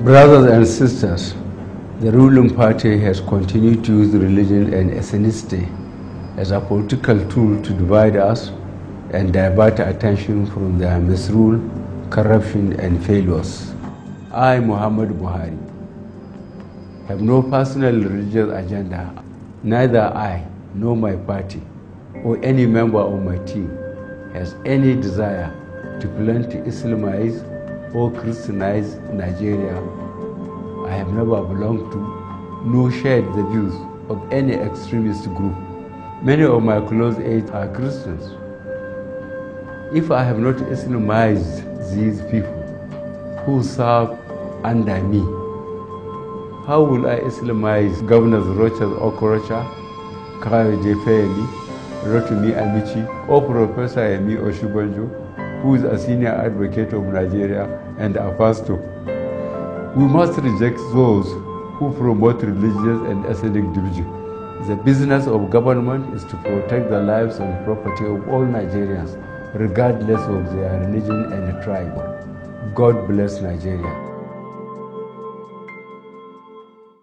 Brothers and sisters, the ruling party has continued to use religion and ethnicity as a political tool to divide us and divert attention from their misrule, corruption, and failures. I, Muhammad Buhari, have no personal religious agenda. Neither I nor my party or any member of my team has any desire to plan to Islamize or Christianized Nigeria I have never belonged to, nor shared the views of any extremist group. Many of my close aides are Christians. If I have not Islamized these people who serve under me, how will I Islamize Governors Rochas Okorocha, Kayo Jefeli, Rotimi Amici, or Professor Emi Oshubonjo? who is a senior advocate of Nigeria and a pastor. We must reject those who promote religious and ethnic division. The business of government is to protect the lives and property of all Nigerians, regardless of their religion and tribe. God bless Nigeria.